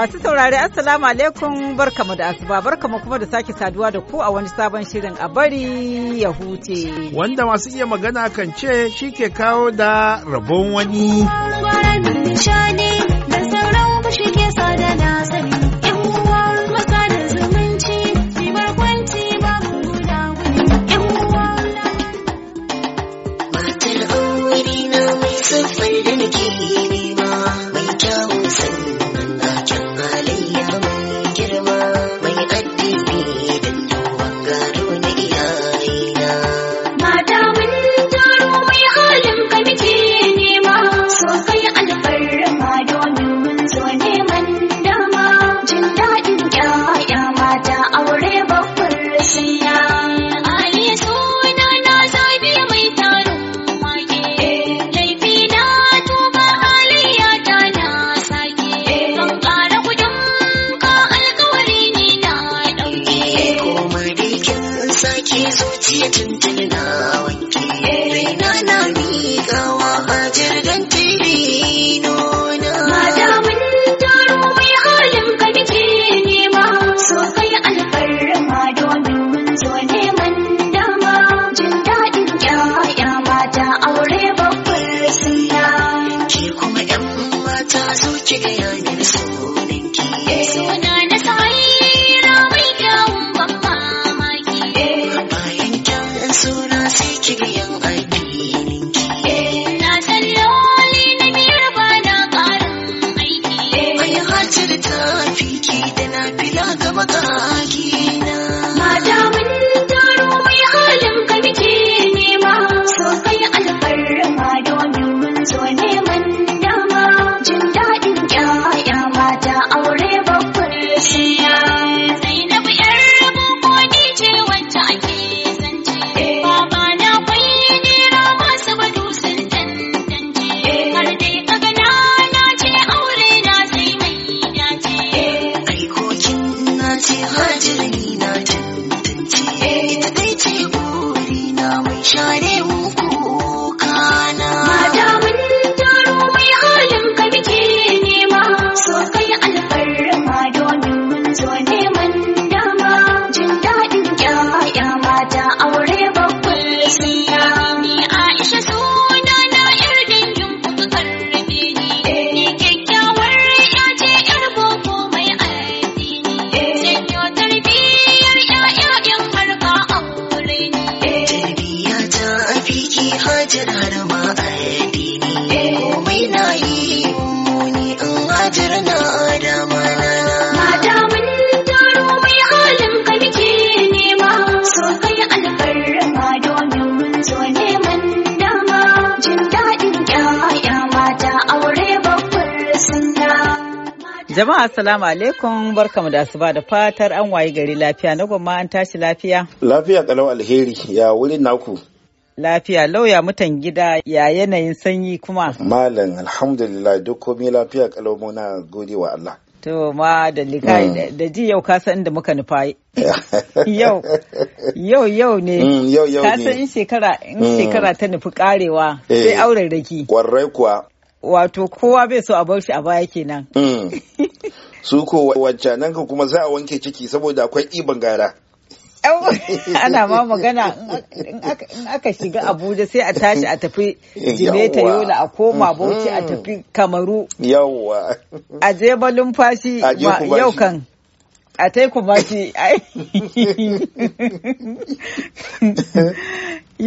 Masu saurari Assalamu alaikum barkamu da asuba barkamu kuma da sake saduwa da ku a wani sabon shirin a bari ya huce. Wanda masu iya magana kan ce shi ke kawo da rabon wani. Matar you. na mai da chicken. hajar harba addini komai na yi mummuni in hajar na adama mata mun taro mai halin ka muke nema so kai alfarma domin mun zo neman dama jin daɗin ƴaƴa mata aure babbar sanda Jama'a salamu alaikum barkamu da asuba da fatar an wayi gari lafiya na gwamma an tashi lafiya. Lafiya kalau alheri ya wuri naku. Lafiya lauya mutan gida ya yanayin sanyi kuma. Malam alhamdulillah duk komai lafiya kalomo na gode wa Allah. To ma da likai mm. da ji yau ka san da muka nufa yau yau yau ne mm, ka san in shekara in mm. shekara ta nufi karewa sai eh, auren raki. Kwarai kuwa. Wato kowa bai so a bar shi a baya kenan. Su ko wacce nan kuma za a wanke ciki saboda akwai iban gara. ana ma magana in aka shiga abuja sai a tashi a tafi jimeta yola a koma mm-hmm. bauchi a tafi kamaru yawwa a je balumfashi yau kan a tai kuma shi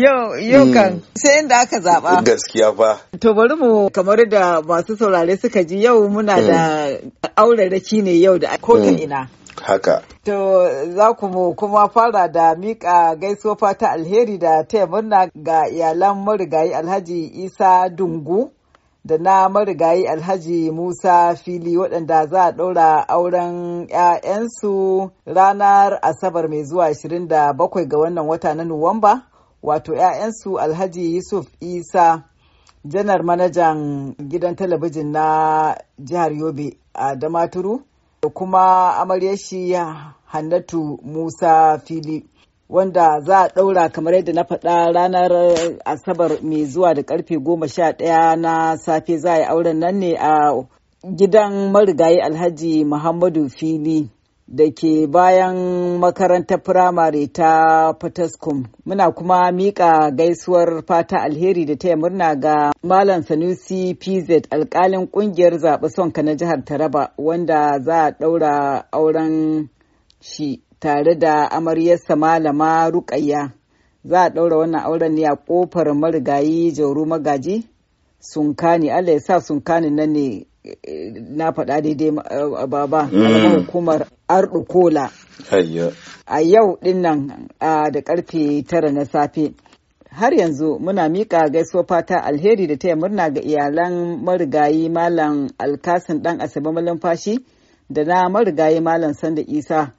yau yau kan mm. sai inda aka zaba gaskiya fa to bari mu kamar da masu saurare suka ji yau muna da mm. auraraki ne yau da ko mm. ina haka to za ku mu kuma fara da mika gaisofa ta alheri da taya murna ga iyalan marigayi alhaji isa dungu da na marigayi alhaji musa fili waɗanda za a ɗaura auren 'ya'yansu ranar asabar mai zuwa 27 ga wannan wata na nuwamba wato 'ya'yansu alhaji yusuf isa janar manajan gidan talabijin na jihar yobe a damaturu da kuma amaryar shi Hannatu Musa Fili wanda za a ɗaura kamar yadda na faɗa ranar Asabar mai zuwa da karfe goma sha ɗaya na safe za a yi auren nan ne a gidan marigayi Alhaji Muhammadu Fili. da ke bayan makarantar firamare ta patascom Muna kuma mika gaisuwar fata alheri da yi murna ga Malam Sanusi PZ alkalin kungiyar zaɓi sonka na jihar Taraba wanda za a ɗaura auren shi tare da amaryarsa Malama Rukayya. Za a ɗaura wannan auren ne a ƙofar marigayi Jauro Magaji. Sunkani, Allah ya sa sunkani nan ne na faɗa daidai eh, baba mm. hukumar kola. a yau dinnan da karfe tara na safe har yanzu muna miƙa gaisuwa fata alheri da taya murna ga iyalan marigayi malam alkasin dan asabe Fashi da na marigayi malam sanda isa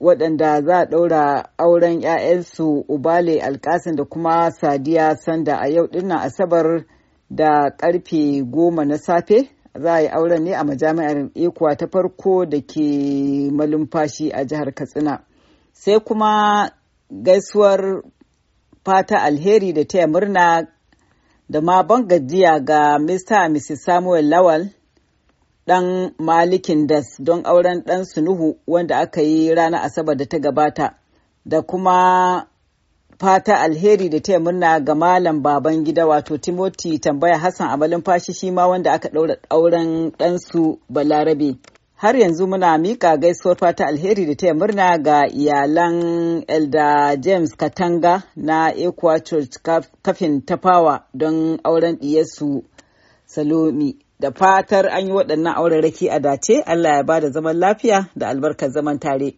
waɗanda za a ɗaura auren 'ya'yansu ubale alkasin da kuma sadiya sanda a yau dinnan asabar da karfe goma na safe za a yi auren ne a majami'ar ikuwa ta farko da ke malumfashi a jihar katsina sai kuma gaisuwar fata alheri da taya murna da ma ban gajiya ga mr mrs samuel lawal dan malikin das don auren dan sunuhu wanda aka yi ranar asabar da ta gabata da kuma fata alheri da taya murna ga malam baban gida wato timoti tambaya hassan amalin fashi shi ma wanda aka ɗaura auren ɗansu balarabe har yanzu muna mika gaisuwar fata alheri da taya murna ga iyalan elda james katanga na equa church kafin tafawa don auren ɗiyarsu salomi da fatar an yi waɗannan auraraki a dace allah ya ba da zaman lafiya da albarkar zaman tare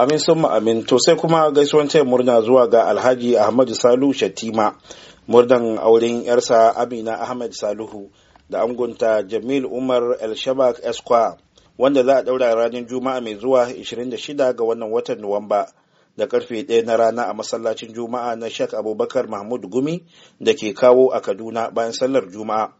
Amin sun amin to sai kuma gaisuwan taya murna zuwa ga Alhaji Ahmadu Salu Shatima murnan auren yarsa Amina Ahmad Saluhu da angunta Jamil Umar El Shabak Esquire wanda za a daura ranar Juma'a mai zuwa 26 ga wannan watan Nuwamba da karfe 1 na rana a masallacin Juma'a na Sheikh Abubakar Mahmud Gumi da ke kawo a Kaduna bayan sallar Juma'a.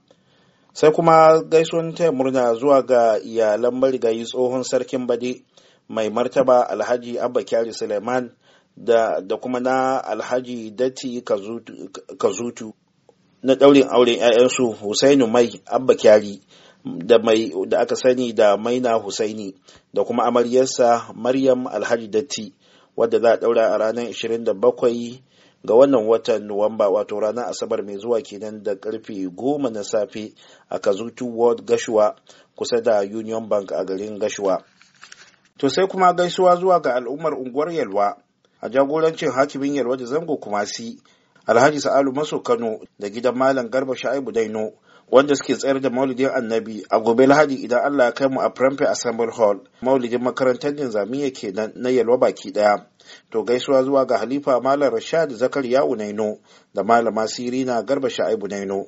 Sai kuma gaisuwan taya murna zuwa ga iyalan marigayi tsohon sarkin Bade. mai martaba alhaji abba kyari suleiman da, da kuma na alhaji dati kazutu na daurin auren 'ya'yansu husainu mai abba kyari da, mai, da aka sani da maina husaini da kuma amaryarsa maryam alhaji dati wadda za a daura a ranar 27 ga wannan watan nuwamba wato ranar asabar mai zuwa kenan da karfe 10 na safe a kazutu world gashuwa kusa da union bank a garin gashuwa To sai kuma gaisuwa zuwa ga al'ummar unguwar Yalwa a jagorancin hakimin Yalwa da zango Kumasi Alhaji Sa'alu Maso Kano da gidan Malam Garba Sha'ibu Daino wanda suke tsayar da maulidin annabi a gobe lahadi idan Allah ya kai mu a Prampe Assembly Hall maulidin makarantar Nizamiya kenan na Yalwa baki daya to gaisuwa zuwa ga Halifa Malam Rashad Zakariya Unaino da Malama Sirina Garba Sha'ibu Daino.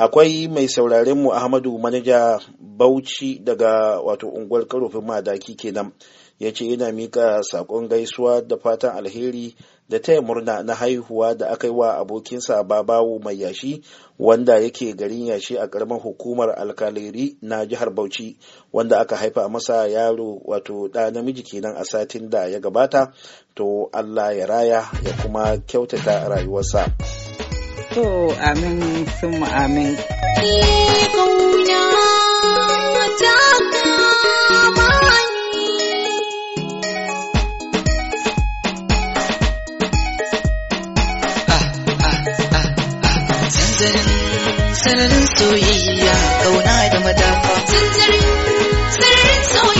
akwai mai sauraren mu ahmadu manaja bauchi daga wato unguwar karofin madaki kenan ya ce yana mika sakon gaisuwa da fatan alheri da taya murna na haihuwa da aka yi wa abokinsa babawo mai yashi wanda yake garin yashi a karamar hukumar alkaleri na jihar bauchi wanda aka haifa masa yaro wato da namiji kenan a satin da ya gabata to allah ya raya ya kuma kyautata rayuwarsa so amin sun amin. Sanarin ah, ah, ah, soyayya, kauna da madafa. sanarin soyayya.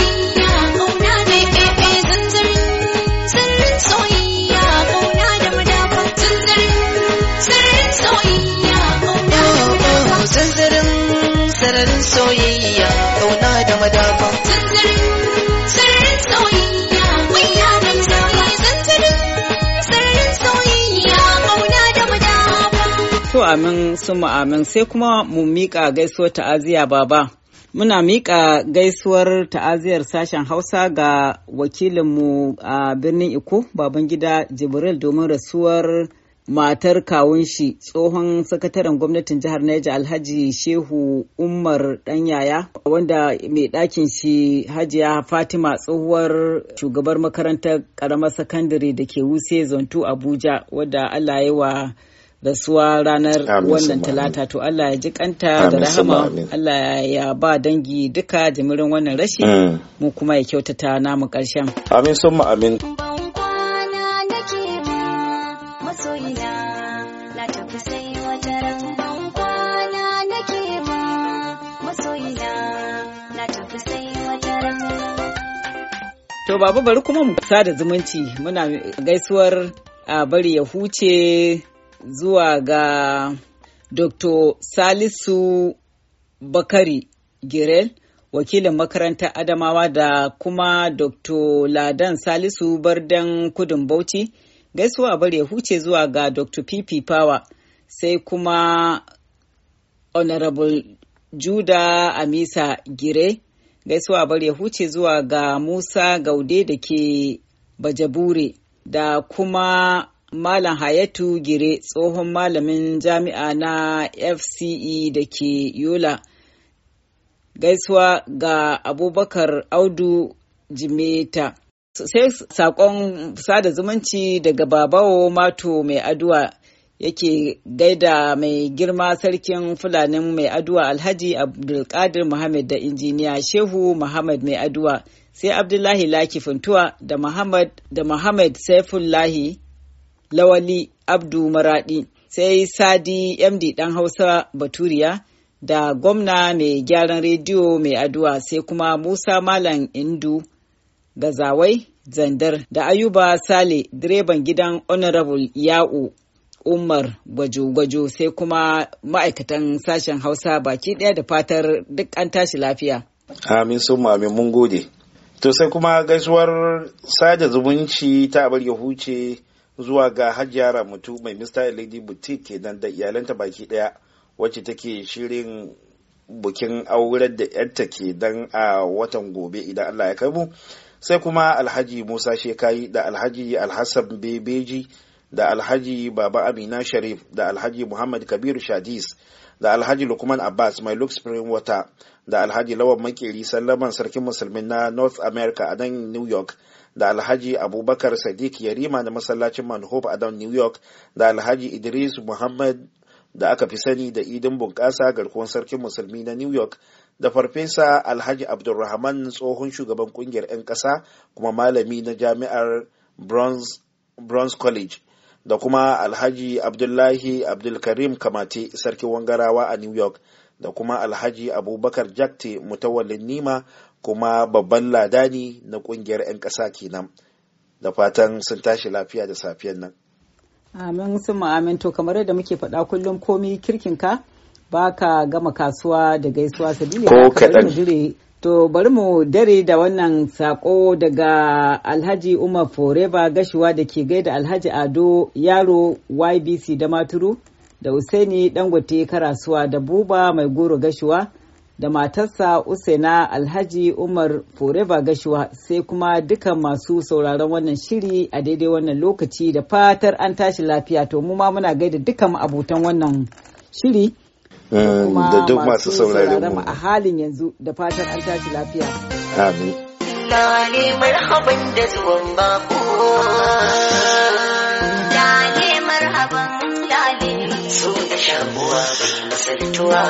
amin su amin sai kuma mu miƙa gaisuwar ta'aziyya baba. Muna miƙa gaisuwar ta'aziyar sashen Hausa ga wakilinmu a birnin Iko, Babangida Jibril domin rasuwar matar kawun shi tsohon sakataren gwamnatin jihar Neja Alhaji Shehu Umar Danyaya wanda mai ɗakin shi Hajiya Fatima tsohuwar shugabar makarantar ƙaramar sakandare da ke Wuse Zonto Abuja wadda Allah ya wa rasuwa ranar wannan talata to Allah ya ji kanta da rahama Allah ya ba dangi duka jimirin wannan rashi mm. mu kuma ya kyautata namu karshen Amin sun amin. To babu bari kuma mu da zumunci muna gaisuwar a bari ya huce zuwa ga Dr. Salisu Bakari Girel wakilin makaranta Adamawa da kuma Dr. Ladan Salisu Bardan Kudin Bauchi gaisuwa bari ya huce zuwa ga Dr. PP Power sai kuma Honorable Juda Amisa Gire gaisuwa bari ya huce zuwa ga musa gaude da ke bajabure da kuma malam hayatu gire tsohon malamin jami'a na fce da ke yola gaisuwa ga abubakar audu jimeta sai saƙon sada zumunci daga babawo mato mai aduwa yake gaida mai girma sarkin fulanin mai aduwa alhaji abdulkadir muhammad da injiniya shehu muhammad mai aduwa sai abdullahi laki funtuwa da muhammad da muhammad saifullahi lawali abdu maradi sai sadi md dan hausa baturiya da gwamna mai gyaran rediyo mai aduwa sai kuma musa malam indu gazawai zandar da ayuba sale direban gidan honorable ya'u Umar gwajo-gwajo sai kuma ma'aikatan sashen Hausa baki ɗaya da fatar duk an tashi lafiya. Amin sun amin mun gode. To sai kuma gaisuwar sada zumunci ta abar ya huce zuwa ga hajjiyara mutu mai Mr. Lady Boutique kenan da iyalanta baki ɗaya wacce take shirin bukin aurar da yarta ke dan a watan gobe idan Allah ya kai mu. Sai kuma Alhaji Musa Shekayi da Alhaji Alhassan Bebeji da alhaji baba amina sharif da alhaji muhammad kabiru shadis da alhaji lukman abbas mai luke spring water da alhaji lawan makeri sallaman sarkin musulmi na north america a nan new york da alhaji abubakar sadiq yarima da masallacin manhope a nan new york da alhaji idris muhammad da aka fi sani da idin bunƙasa garkuwan sarkin musulmi na new york da farfesa alhaji abdulrahman tsohon shugaban kungiyar 'yan ƙasa kuma malami na jami'ar bronze college da kuma alhaji abdullahi abdulkarim kamate sarkin wangarawa a new york da kuma alhaji abubakar jakte mutawallin nima kuma babban ladani na kungiyar 'yan ƙasa kenan da fatan sun tashi lafiya da safiyan nan amin sun ma'amin kamar yadda muke faɗa kullum komi kirkinka ba ka gama kasuwa da gaisuwa sabili ko kaɗan To bari mu dare da wannan sako daga Alhaji Umar Foreba gashuwa da ke gaida Alhaji Ado Yaro YBC da Maturu da Usaini Dangote Karasuwa da Buba Mai Goro gashuwa da matarsa Usaina Alhaji Umar Foreba gashuwa sai kuma dukan masu sauraron wannan shiri a daidai wannan lokaci da fatar an tashi lafiya to mu ma muna gaida dukan abutan wannan shiri. Mm, da duk masu saurare mu a halin yanzu da fatan an tashi lafiya amin lale marhaban da zuwan bako lale marhaban lale so da shabuwa da masaltuwa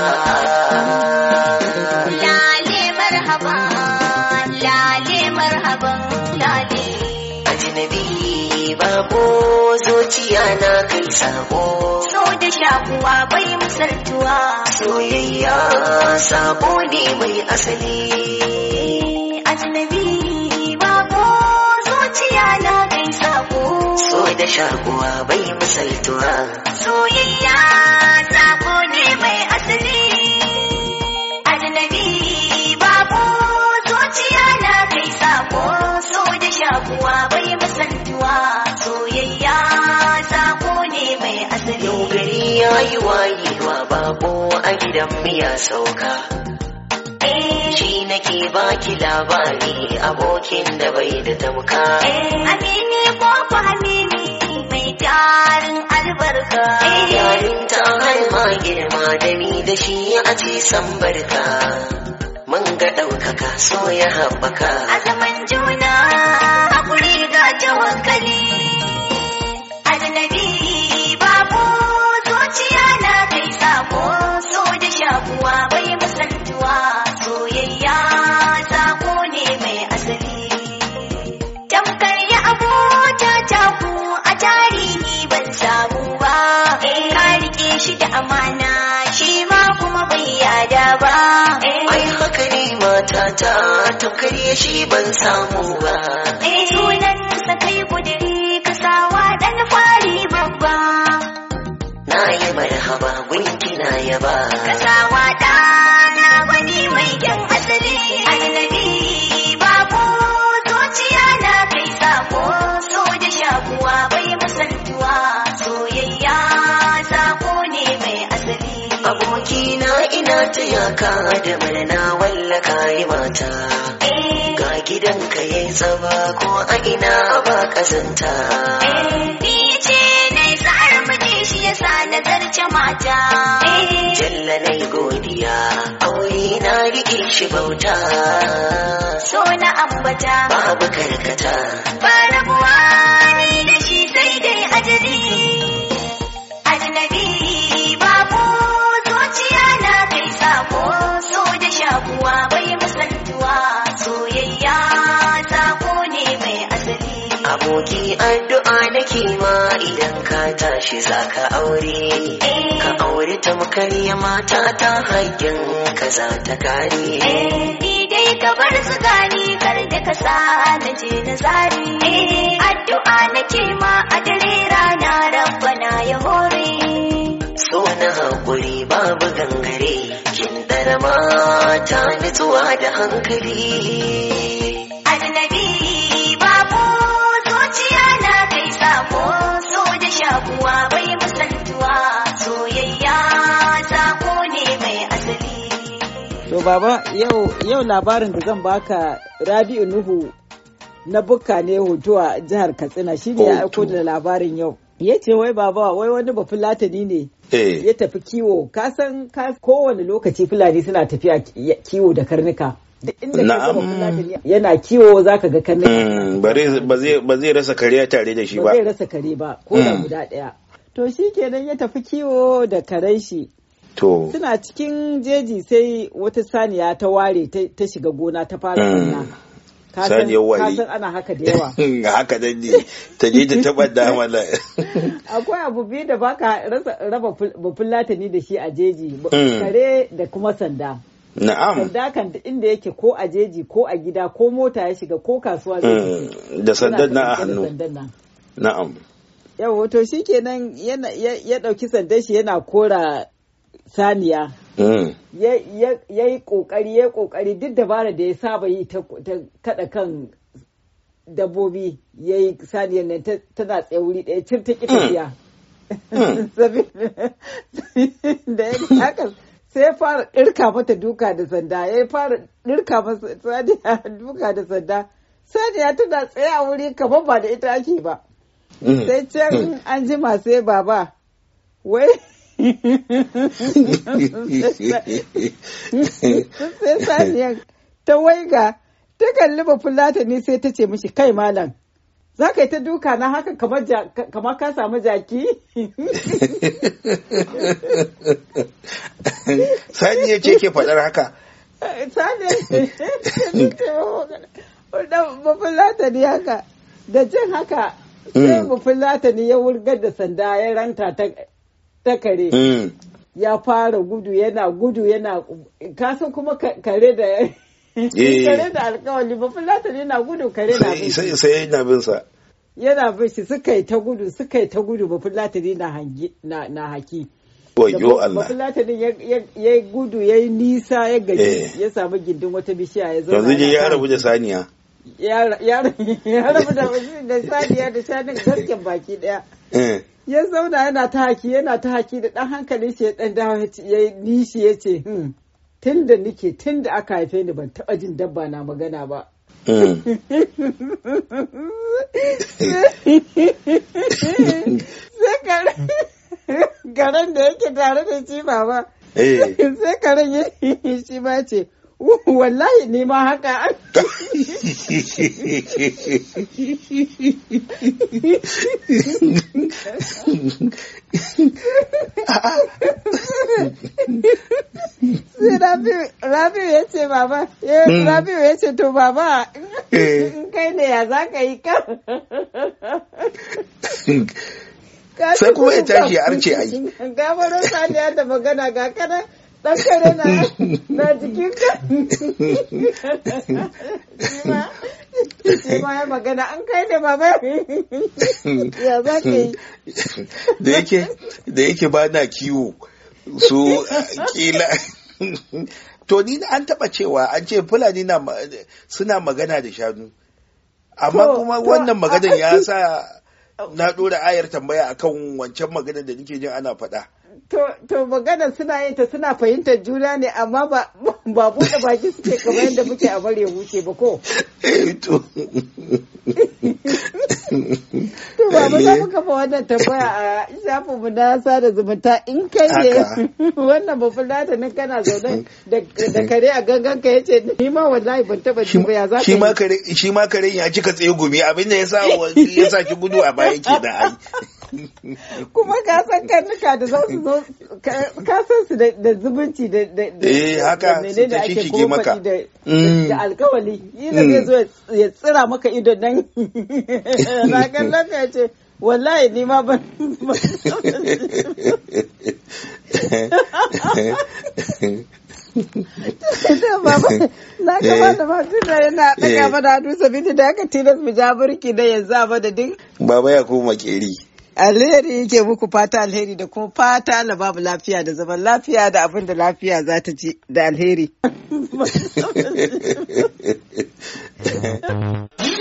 rabo zuciya na kai sabo so da shakuwa bai misaltuwa soyayya sabo ne mai asali ajnabi bako zuciya na kai sabo so da shakuwa bai misaltuwa soyayya sabo ne mai asali ajnabi bako zuciya na kai sabo so da shakuwa bai musaltuwa. ya yi wayewa babo a gidan miya sauka. Eh, shi nake baki labari abokin da bai da tamka. Eh, amini ko ku amini mai tarin albarka. Eh, yayin ta halma girma da ni da shi a ci sambarka. Mun ga ɗaukaka so ya haɓaka. A zaman juna, hakuri ga tawakkali. tarayya da ba eh, ai haka ne ta ya shi ban samu ba eh, sunan sa kai kudiri kasawa dan fari babba na yi marhaba gunki na yaba kasawa na ina ta ka da murna wallaka yi mata eh. ga ka yayi tsaba ko a ina ba kazanta eh. ni ce na tsara miji shi yasa na zarce mata eh. jalla na godiya aure na riƙe shi bauta so na ambata babu karkata ba rabuwa addu'a nake ma idan ka tashi zaka aure ka aure ta makarya mata ta haƙƙin ka za ta kare eh, ni dai ka bar su gani kar da ka sa na je na zari eh. addu'a nake ma a dare rana rabbana ya hore so na hakuri babu gangare kin ɗara mata nutsuwa da hankali baba yau labarin da zan baka Rabi'u Nuhu na bukka ne hoto a jihar Katsina ne ya aiko da labarin yau. Ya ce wai baba wai wani ba fulatani ne eh. ya tafi kiwo ka san kowane lokaci fulani suna tafiya kiwo da karnuka. Da inda ka fulatani yana kiwo ka ga karnuka. Hmm, ba zai rasa kare tare da shi ba. Ba zai rasa kare ba ko da hmm. guda ɗaya. To shi kenan ya tafi kiwo da karen shi To. Suna cikin jeji sai wata saniya ta ware ta shiga gona ta fara gona. Mm. Saniyar wari. Kasan ana haka da yawa. haka da ne, ta je ta taɓa damala. Akwai abu biyu da baka raba bafulatani da shi a jeji, mm. kare da kuma sanda. Na'am. Sanda kan inda yake ko a jeji ko a gida ko mota ya shiga ko kasuwa. Mm. Da sandan na a hannu. Na'am. Yau, to shi kenan ya ɗauki sandan shi yana kora saniya mm. ya yi kokari ya yi kokari duk dabara da ya saba yi ta kada kan dabbobi ya yi saniyar nan tana tsaye wuri ɗaya cin ta mm. tafiya mm. da ya haka sai ya fara ɗirka mata duka da sanda ya fara ɗirka mata saniya duka da sanda saniya tana tsaye a wuri kamar ba da ita ake ba sai can an masu sai baba wai sai saniya ta waiga ta kalli ba fulata ne sai ta ce mishi kai malam za ka yi ta duka na haka kamar ka samu jaki? Sani ya ce ke faɗar haka. Sani ya ne haka. Da jin haka sai hmm. bufulata ne ya wurgar da sanda ya ranta ta ta kare mm. ya fara gudu yana gudu yana kasan kuma kare da eh. kare da alkawali ba fulatan yana gudu kare na bin sai sai yana bin sa yana bin shi suka yi ta gudu suka yi ta gudu ba fulatan na hangi na haki wayo Allah fulatan ya gudu ya yi nisa ya gaji eh. ya samu gindin wata bishiya ya zo yanzu ya rabu da saniya ya rabu da wasu da Sadiya da shanin gasken baki daya eh. ya zauna yana ta haki yana ta haki da dan hankali shi ya dan dawo ya nishi ya ce hmm, tun da nike tun da aka haife ni ban taba jin dabba na magana ba eh. sai karen da yake tare da shi ba eh. sai karen ya shi ba ce wallahi ne ma haka an. Rabi ya ce baba, eh, hmm. Rabi ya ce to baba, eh. in kai ne ya za ka yi kan. Sai kuma ya tashi ya arce a yi. Gabarin saniya da magana ga kanan. dan kare na na da yake ba na kiwo su kila to ni an taba cewa an ce fulani suna magana da shanu amma kuma wannan maganar ya sa na dora ayar tambaya akan wancan maganar da nake jin ana faɗa. to magana suna yin ta suna fahimtar juna ne amma ba ba baki suke kamar yadda muke a bare huce ba ko eh, to ba mu za mu kafa wannan tambaya a shafin mu na sada zumunta in kai ne wannan ba fulata nan kana zaune da kare a gangan ka yace ni ma wallahi ban taba ji ba ya za shi ma kare shi ma kare ya cika tsaye gumi abin da yasa yasa ki gudu a baya ke da ai kuma ka san karnuka da za su zo ka san su da zumunci da mene da eh, ake maka. Mm. da alkawali yana zai mm. zo ya tsira maka idon nan ragar lafiya ce wallahi ni ma ban na gaba da masu da yana ɗaga eh. mana hannu sabini da aka tilas mu ja burki da yanzu a madadin baba ya kuma makeri alheri yake muku fata alheri da kuma fata na babu lafiya da zaman lafiya da abin da lafiya za ta ci da alheri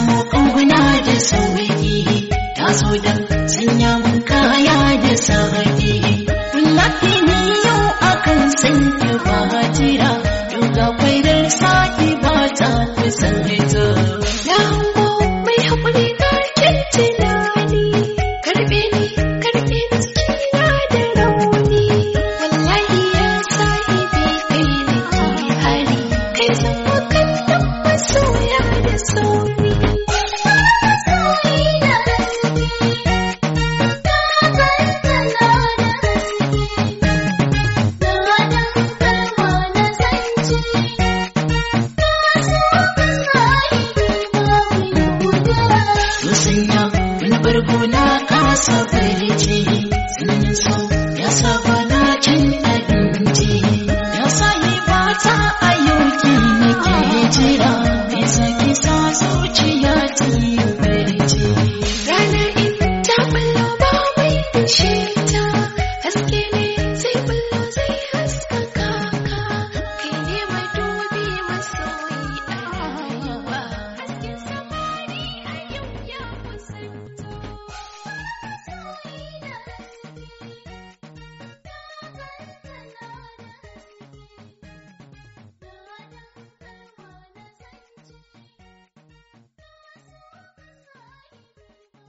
samu ƙunguna da sauri ta so don sanya mun kaya da sauƙi wallahi ne yau akan sanya fatira. sosai na bar gona kasa fahimci